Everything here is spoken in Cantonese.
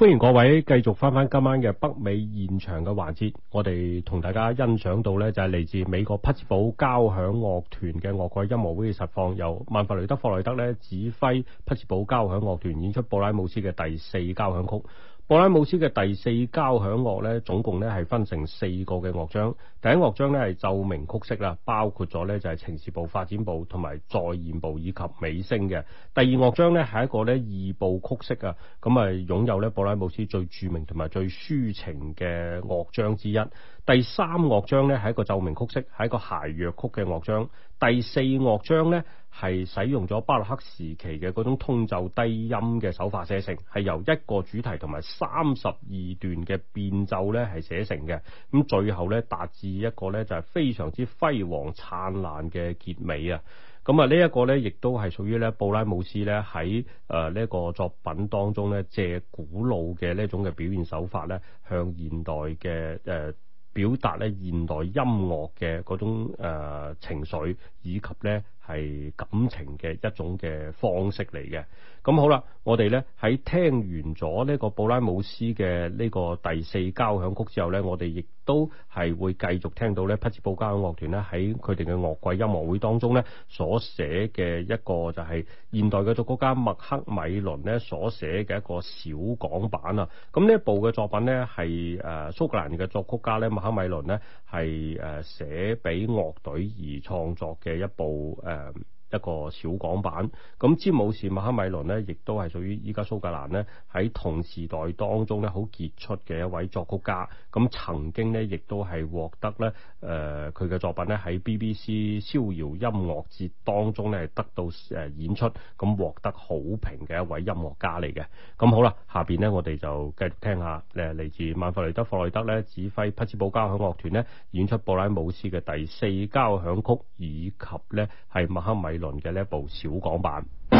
歡迎各位繼續翻翻今晚嘅北美現場嘅環節，我哋同大家欣賞到呢，就係嚟自美國匹茲堡交響樂團嘅樂季音樂會嘅實況，由曼弗雷德霍內克呢指揮匹茲堡交響樂團演出布拉姆斯嘅第四交響曲。布拉姆斯嘅第四交響樂咧，總共咧係分成四個嘅樂章。第一樂章咧係奏鳴曲式啦，包括咗咧就係呈示部、發展部、同埋再現部以及尾聲嘅。第二樂章咧係一個咧二部曲式啊，咁啊擁有咧布拉姆斯最著名同埋最抒情嘅樂章之一。第三樂章咧係一個奏鳴曲式，係一個諧謔曲嘅樂章。第四樂章咧，係使用咗巴洛克時期嘅嗰種通奏低音嘅手法寫成，係由一個主題同埋三十二段嘅變奏呢係寫成嘅。咁最後呢，達至一個呢就係非常之輝煌燦爛嘅結尾啊！咁啊，呢一個呢亦都係屬於呢布拉姆斯呢喺誒呢個作品當中呢借古老嘅呢種嘅表現手法呢，向現代嘅誒、呃、表達呢現代音樂嘅嗰種誒、呃、情緒以及呢。係感情嘅一種嘅方式嚟嘅，咁好啦，我哋呢喺聽完咗呢個布拉姆斯嘅呢個第四交響曲之後呢，我哋亦都係會繼續聽到呢匹茲堡交響樂團咧喺佢哋嘅樂季音樂會當中呢所寫嘅一個就係現代嘅作曲家麥克米倫呢所寫嘅一個小廣板啊，咁、嗯、呢部嘅作品呢係誒、呃、蘇格蘭嘅作曲家呢麥克米倫呢。係誒寫俾樂隊而創作嘅一部誒。呃一個小廣板，咁詹姆士麥克米倫呢，亦都係屬於依家蘇格蘭呢，喺同時代當中呢好傑出嘅一位作曲家，咁曾經呢，亦都係獲得呢誒佢嘅作品呢喺 BBC 逍遙音樂節當中呢得到誒演出，咁獲得好評嘅一位音樂家嚟嘅。咁、嗯、好啦，下邊呢，我哋就繼續聽下誒嚟自曼弗雷德霍雷德呢指揮匹茲堡交響樂團呢演出布拉姆斯嘅第四交響曲，以及呢係麥克米論嘅呢一部小廣板。